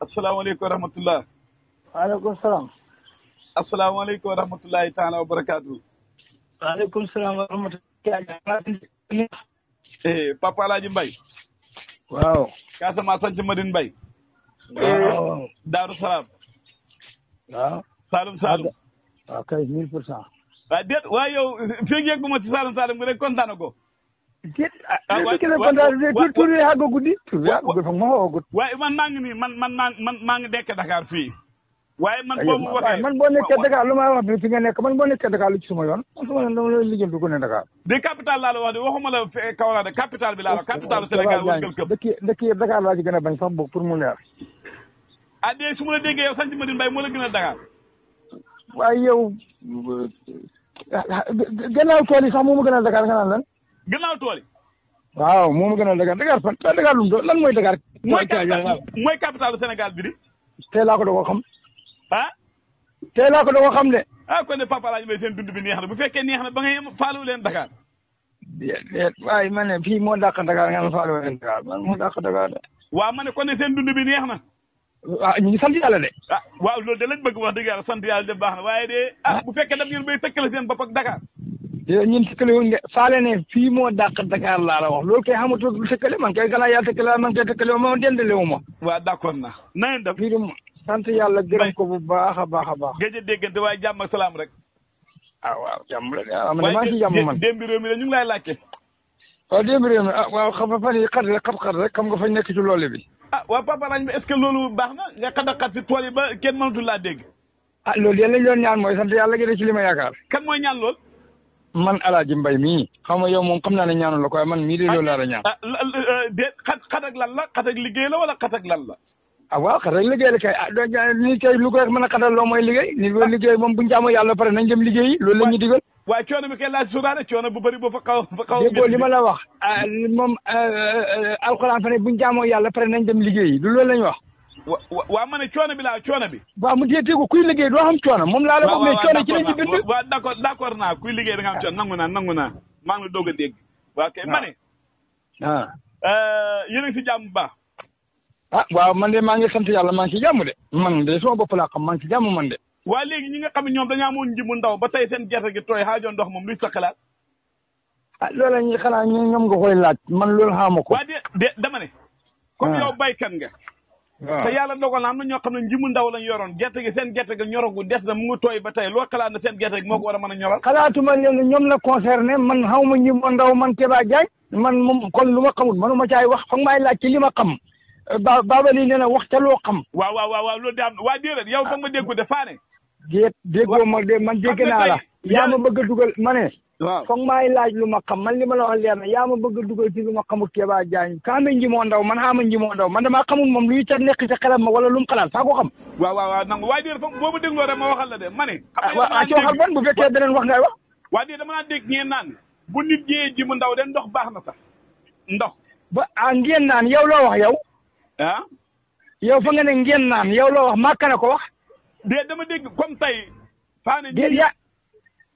asalaamaaleykum wa rahmatullah waaleykum salaam asalaamaaleykum wa rahmatullahi taala wa barakaatu waaleykum salaam wa rahmatullahi eh Papa Alaaji Mbay waaw Casamance sanc Madine Mbay waaw eh, Daaru Salaam waaw Saalum Saalum waaw kay mille pour cent waaw déet waaye yow fii yëgguma ci Saalum Saalum nga rek kontaan ko giɗɗa tourné ha go guddi tourné ha go guddi fof moho o guddi wayi man mangi ni man man man mangi dekke dakar fii wayi man bomo wote man bo nekke dakar luma wax bi fi nga nekk man bo nekk dakar lu ci suma yoon suma yoon dama lijjantu ko ne dakar de capital laa la wax de waxuma la kawla de bi laa la capital sénégal wëgal këpp dëkk dëkk yëpp dakar laa ci gën a bañ sax boog pour mu leer ah de ma la déggee yow sanc Madine Mbaye moo la gën a dakar waaye yow ah, ah, gannaaw tool yi sax moo ma gën a dakar gannaaw tool yi. waaw moo ma gënal Dakar Dakar fan Dakar lu mu lan mooy Dakar. mooy capital mooy capitalu Sénégal bi di. tey laa ko doog a xam. ah. tey laa ko doog a de. ah kon ne papa laa ñu bi neex na bu fekkee neex na ba ngay faalu leen Dakar. déedéet waaye ma ne fii moo dàq Dakar nga ne faalu leen Dakar man moo dàq Dakar de. waaw ma ne kon ne seen dund bi neex na. ah ñu ngi sant de. ah waaw loolu de lañ bëgg wax dëgg yàlla yàlla de baax na waaye de. ah bu fekkee daf ngeen bay tëkkale seen bopp ak ñun tëkkale wuñ de faale ne fii moo dàq Dakar laa la wax loolu kay xamatoo du tëkkale man kay gannaaw yaa tëkkale man kay tëkkale wu ma dendale ma. waaw d'accord na. na ngeen def fii sant yàlla gërëm ko bu baax a baax a baax. géej a déggante waaye jàmm ak salaam rek. ah waaw jàmm la de ah man maa ngi man démb réew mi la ñu ngi lay laajte. waaw démb réew mi ah waaw xam nga fan yii nga fañ nekk ci bi. ah waa Papa Ragne bi est-ce baax na nga xat a xat si tool yi ba kenn mënatul laa dégg. ah loolu yéen lañ doon ñaan mooy sant li ma yaakaar. kan man alaaji mbay mi xam nga yow moom xam naa ne ñaanu la ko waaye man mii de loolu laa la ñaan ah, ah, eh, déet xat xat la xat liggéey la wala xat ak lan la ah waaw xat ak liggéey la kay ah ni kay lu koy mën a xatal loo liggéey ni loolu ah. liggéey moom bu ñu jaamoo yàlla pare nañ dem liggéey yi loolu la ñu digal waaye coono bi kay laaj suuraale coono bu bëri boo fa xaw fa xaw déggoo li ma la wax moom euh, euh, euh, alxuraan fa ne bu ñu jaamoo yàlla pare nañ dem liggéey yi du loolu lañ wax waa ma ne coono bi laa coono bi. waaw mu dee e kuy liggéey doo xam coono moom laa la wax mais coono ci la ñu bind. na d'accord d'accord naa kuy liggéey nga xam coono nangu naa nangu naa maa ngi doog a dégg. waaw kay ma ne. Ah. Euh, yéen a ngi si jàmm ba. ah waaw man de maa ngi sant yàlla maa ngi si jàmm de. man de sama bopp laa xam maa ngi si jàmm man de. waa léegi ñi nga xam ne ñoom dañoo amoon nji mu ndaw ba tey seen gerte gi tooy xaajoon ndox moom luy sa xalaat. ah loola ñuy xanaa ñoom nga koy laaj man loolu xaama ko. waa de te yàlla dogal na am na ñoo xam ne njimu ndaw lañ yoroon gerte gi seen gerte gi ñorogu des na mu tooy ba tay loo xalaat na seen gerte gi moo ko war a mën a ñoral xalaatuma leen ñoom la concerné man xaw ma njimu ndaw man Keba Diagne man moom kon lu ma xamul manuma caay wax foog maay laaj ci li ma xam ba baabali nee na wax ca loo xam waaw waaw waaw waaw loolu de am waa déedéet yow foog ma déggu de faane déet déggoo ma de man dégg naa la yaa ma bëgg a dugal ma ne waaw foog maay laaj lu ma xam man li ma la wax leer na yaa ma bëgg a dugal ci lu ma xamul Keba Diagne ka ma njimoo ndaw man xaama njimoo ndaw man damaa xamul moom luy ca nekk ca xelam ma wala lu mu xalaat faa ko xam waaw waaw waaw nangu waaye déer foog boo ma dégloo rek ma waxal la de ma ne ah, waaw ci waxal ban bu fekkee beneen wax ngay wax waaye déer dama naa dégg ngeen naan bu nit jiyee ji ndaw de ndox baax na sax ndox ba ah ngeen naan yaw loo wax yow ah yow fa nga ne ngeen naan yow loo wax màkk na ko wax dée dama dégg comme tey faane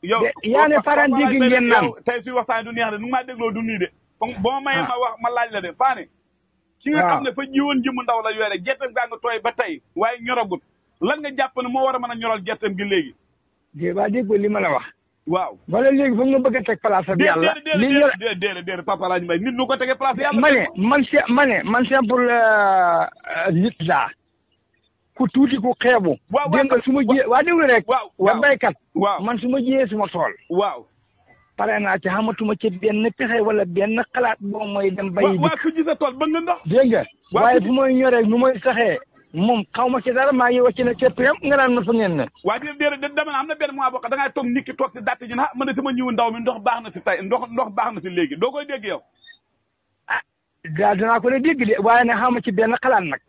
yow yaa ne faran jigi ngeen nan tey suy waxtaan du neex de nu maa dégloo du nii de boo maye ah. ma wax ma laaj la de faane ci nga ah. xam fa jiwoon jëmu ndaw la yore gerteem gaa nga tooy ba tey waaye ñoragut lan nga jàpp ne moo war a ñoral gi li ma la wax waaw wala fa nga bëgg place li ñor papa laaj mbay nit nu ko tegee place yàlla ma man man simple ku tuuti ku xeebu. waaw waaw dégg nga su ma jiyee waa déglu rek. waaw waaw man su ma jiyee su ma tool. waaw. pare naa ci xamatuma ci benn pexe wala benn xalaat boo mooy dem. bayi bi waaw ku ji sa tool bëgg nga ndox. dégg nga waaye fu may ñoree nu may saxee. moom xaw ma ci dara maa ngi wàcc na képp yam naan ma fa ngeen ne. waaye déedéet déedéet dama am na benn ma boo xam da ngay toog nit ki toog si dàtt ji na mën na sama ñëw ndaw mi ndox baax na si tay ndox ndox baax na si léegi doo koy dégg a ah daa dinaa ko lay waaye ne xaw ma ci benn xalaat nag.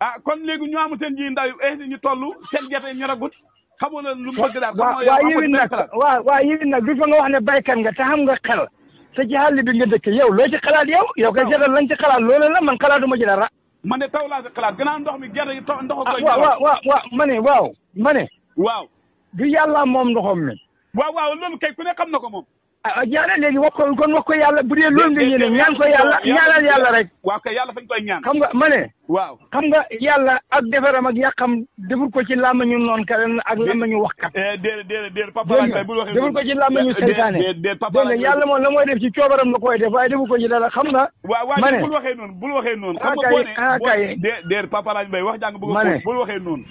ah kon léegi ñu amu seen ji ndaw eh, ñu toll seen gerte ñu ragut xamoo lu mu bëgg daal. waaw waaw yéen nag waaw waaw yéen nag bi wax ne baykat nga te xam ga xel te ci àll bi nga dëkk yow loo ci xalaat yow yow kay seetal lañ ci xalaat loolu la man xalaatuma ci dara. ma ne taw laa ci xalaat gannaaw mi gerte gi taw ndox. ah waaw waaw waaw ma ne waaw ma ne. waaw. du yàlla moom ndoxam mi. waaw waaw loolu kay xam na ko moom. ñaanal ah, ah, wax ko kon wax ko yàlla bu dee loolu nga yéene ñaan ko yàlla ñaanal yàlla rek. waaw kay yàlla fañ koy ñaan. xam nga ma ne. waaw xam nga yàlla ak defaram ak yàqam deful ko ci làmmañu noonu karen ak làmmañu waxkat. déedéet eh, déedéet déedéet papa lañ bu waxee deful ko ci làmmañu eh, seytaane. déedéet papa lañ yàlla moom la mooy def ci coobaram la koy def waaye deful ko ci dara xam nga. ma ne waaw waaye bul waxee noonu bul waxee noonu. Ah, xam nga boo ne ah kay déedéet papa lañ bay wax jàng bëgg bul waxee noonu.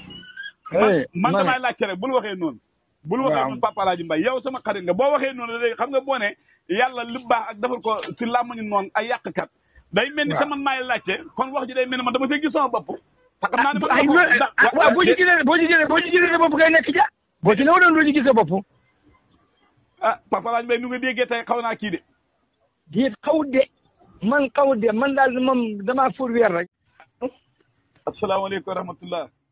Eh, man damay laajte rek bul waxee noonu bul waxee noonu Papa Alaaji Mbay yow sama xarit nga boo waxee noonu léegi xam nga boo ne yàlla li baax ak defal ko si làmmañu noonu ay yàqkat day mel ni sama maay laajte kon wax ji day mel ni man dama see gis sama bopp te xam naa ne ah, ah, ah, waaw boo ci gisee boo ci gisee boo ci gisee sa bopp kay nekk ja boo ci newoon doo ci gis sa bopp ah Papa Alaaji Mbay nu nga déggee tey xaw naa kii de déet xaw de man xaw de man daal moom damaa fur weer rek asalaamaaleykum wa rahmatullah